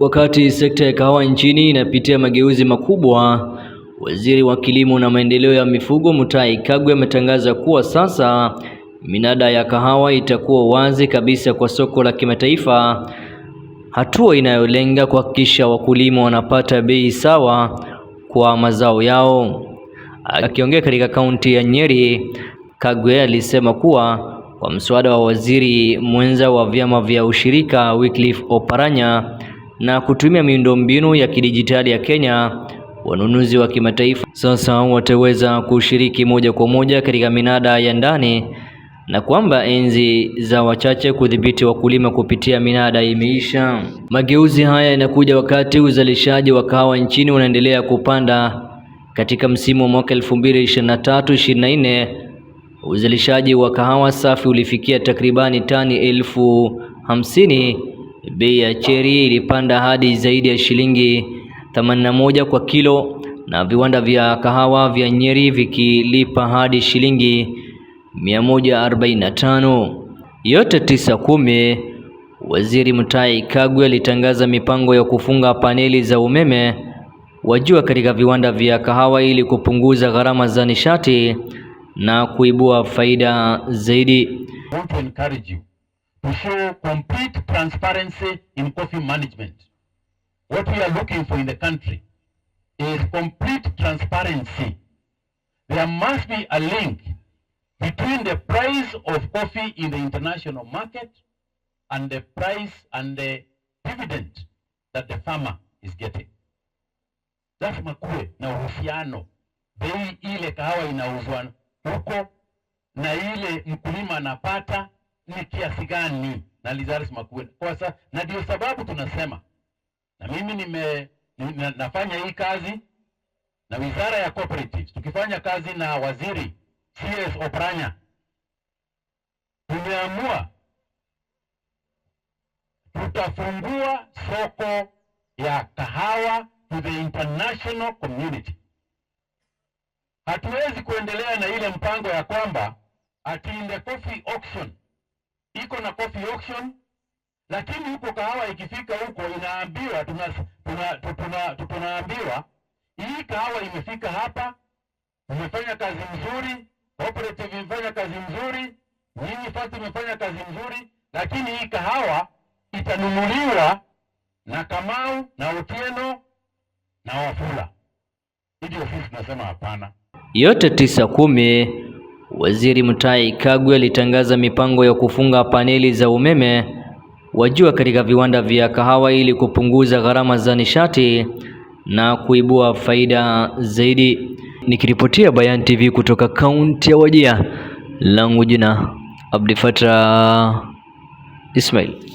Wakati sekta ya kahawa nchini inapitia mageuzi makubwa, waziri wa kilimo na maendeleo ya mifugo Mutahi Kagwe ametangaza kuwa sasa minada ya kahawa itakuwa wazi kabisa kwa soko la kimataifa, hatua inayolenga kuhakikisha wakulima wanapata bei sawa kwa mazao yao. Akiongea katika kaunti ya Nyeri, Kagwe alisema kuwa kwa mswada wa waziri mwenza wa vyama vya ushirika Wycliffe Oparanya na kutumia miundombinu ya kidijitali ya Kenya, wanunuzi wa kimataifa sasa wataweza kushiriki moja kwa moja katika minada ya ndani, na kwamba enzi za wachache kudhibiti wakulima kupitia minada imeisha. Mageuzi haya yanakuja wakati uzalishaji wa kahawa nchini unaendelea kupanda. Katika msimu wa mwaka 2023-2024 uzalishaji wa kahawa safi ulifikia takribani tani elfu hamsini Bei ya cheri ilipanda hadi zaidi ya shilingi 81 kwa kilo na viwanda vya kahawa vya Nyeri vikilipa hadi shilingi 145. Yote tisa kumi. Waziri Mutahi Kagwe alitangaza mipango ya kufunga paneli za umeme wa jua katika viwanda vya kahawa ili kupunguza gharama za nishati na kuibua faida zaidi to show complete transparency in coffee management. What we are looking for in the country is complete transparency. There must be a link between the price of coffee in the international market and the price and the dividend that the farmer is getting. Lazima kuwe na uhusiano, bei ile kahawa inauzwa huko na ile mkulima anapata ni kiasi gani na Lizaris Makueni kwa sa, na ndio sababu tunasema na mimi nime, nime, nafanya hii kazi na wizara ya cooperatives tukifanya kazi na waziri CS Opranya tumeamua tutafungua soko ya kahawa to the international community. Hatuwezi kuendelea na ile mpango ya kwamba ati in the coffee auction iko na coffee auction, lakini huko kahawa ikifika huko inaambiwa tuna, tuna, tuna, tuna hii kahawa imefika hapa, imefanya kazi nzuri, operative imefanya kazi nzuri, nyinyi fati imefanya kazi nzuri, lakini hii kahawa itanunuliwa na Kamau na Otieno na Wafula. Hivyo sisi tunasema hapana. Yote tisa kumi Waziri Mutahi Kagwe alitangaza mipango ya kufunga paneli za umeme wa jua katika viwanda vya kahawa ili kupunguza gharama za nishati na kuibua faida zaidi. Nikiripotia Bayan TV kutoka kaunti ya Wajia, langu jina Abdulfatah Ismail.